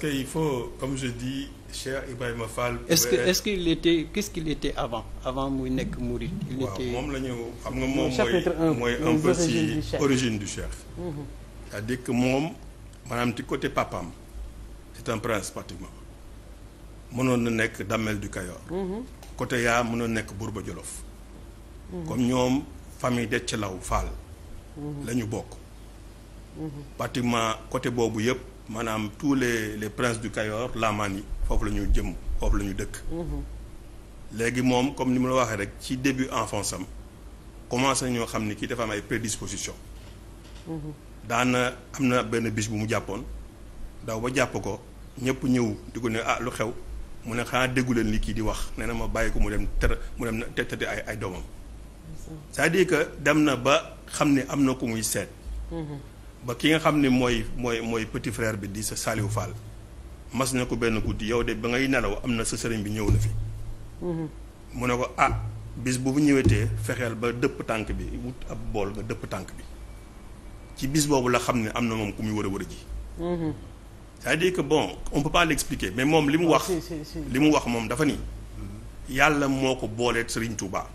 Parce qu'il faut, comme je dis, cher Ibrahima Fall. Est-ce que est-ce qu'il était qu'est-ce qu'il était avant avant muy nekk Mouride. il était waaw moom la ñu xam nga moom mooy mooy un peu si origine du cheikh. Mhm. c'est-à-dire que moom maanaam ci côté papam c'est un prince pratiquement mënoon na nekk Damel du Kayor. Mhm. côté yaa mënoon nekk Bourba Jolof. Mhm. comme ñoom famille Dethialaw Fall. la ñu bokk. pratiquement côté boobu yëpp. maanaam tous les les princes du Kayor laamaan yi foofu la ñu jëm foofu la ñu dëkk. Mhm. léegi moom comme ni mu la waxee rek ci début enfance am commencé ñoo xam ni kii dafa am ay prédisposition mhm. daana am na benn bis bu mu jàppoon daw ba jàpp ko ñëpp ñëw di ko ne ah lu xew mu ne xanaa déggu leen li kii di wax nee na ma bàyyi ko mu dem ter mu dem tete ay ay doomam. cest à que dem na ba xam ne am na ku muy seet. Mhm. ba ki nga xam ne mooy mooy mooy petit frère bi di sa Saliou Fall mas na ko benn guddi yow de ba ngay nelaw am na sa sëriñ bi ñëw na fi. Mm-hmm. mu ne ko ah bis bu bu ñëwetee fexeel ba dëpp tànk bi wut ab bool nga dëpp tànk bi ci bis boobu la xam ne am na moom ku muy wër a ji. Mm-hmm. c'est-à-dire que bon on peut pas l'expliquer mais moom li mu wax. Oh, li mu wax moom dafa nii. Mm-hmm. yàlla moo ko booleet Serigne Touba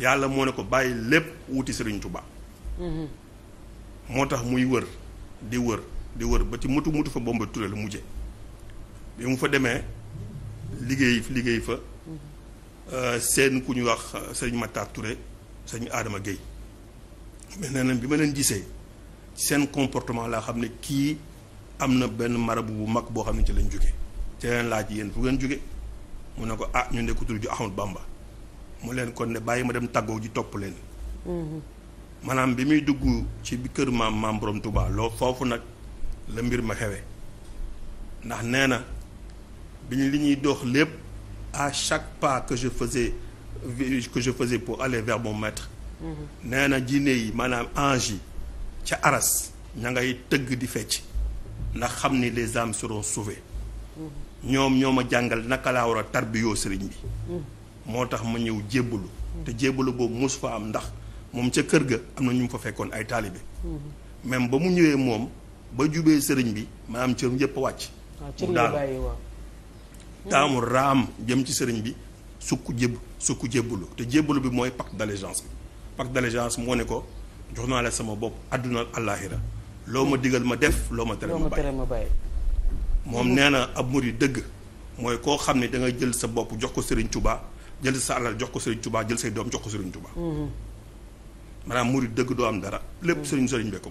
yàlla moo ne ko bàyyi lépp wuti sëriñ Touba. moo tax muy wër di wër di wër ba ci mutu mutu fa bomba ture la mujje bi mu fa demee liggéey liggéey fa euh, seen ku ñu wax euh, sëñ Matar Touré sëñ Adama Guèye mais na bi ma leen gisee seen comportement laa xam ne kii am na benn marabu bu mag boo xam ne ci lañ jóge ci leen laaj yéen fu ngeen jóge mu ne ko ah ñu nekk tur ju Ahmad Bamba mu leen kon ne bàyyi ma dem tàggoo ji topp leen mm-hmm. maanaam bi muy dugg ci kër maam maam borom Touba loo foofu nag la mbir ma xewe ndax nee na bi ñu li ñuy dox lépp à chaque pas que je faisais que je faisais pour aller vers mon maître mhm. nee na jinne yi maanaam ange yi ca aras ña ngay tëgg di fecc ndax xam ni les âmes seront sauvées mhm. ñoom ñoo ma jàngal naka laa war a tarbiyoo sëriñ bi mhm. moo tax ma ñëw jébbalu te jébbalu boobu mosu fa am ndax moom ca kër ga am na ñu mu fa fekkoon ay taalibe même ba mu ñëwee moom ba jubee sëriñ bi maanaam cërum yëpp wàcc ah, mu daal taamu raam jëm ci sëriñ bi sukk jébb sukk jébbalu te jébbalu bi mooy pacte d'allégeance bi pacte d'allégeance moo ne ko jox naa la sama bopp àdduna àllaaxira loo ma digal ma def loo ma tere ma bàyyi moom nee na ab murid dëgg mooy koo xam ne da nga jël sa bopp jox ko sëriñ tubaa jël sa alal jox ko sëriñ tubaa jël say doom jox ko sëriñ maanaam murid dëgg doo am dara lépp sëriñ sëriñ bee ko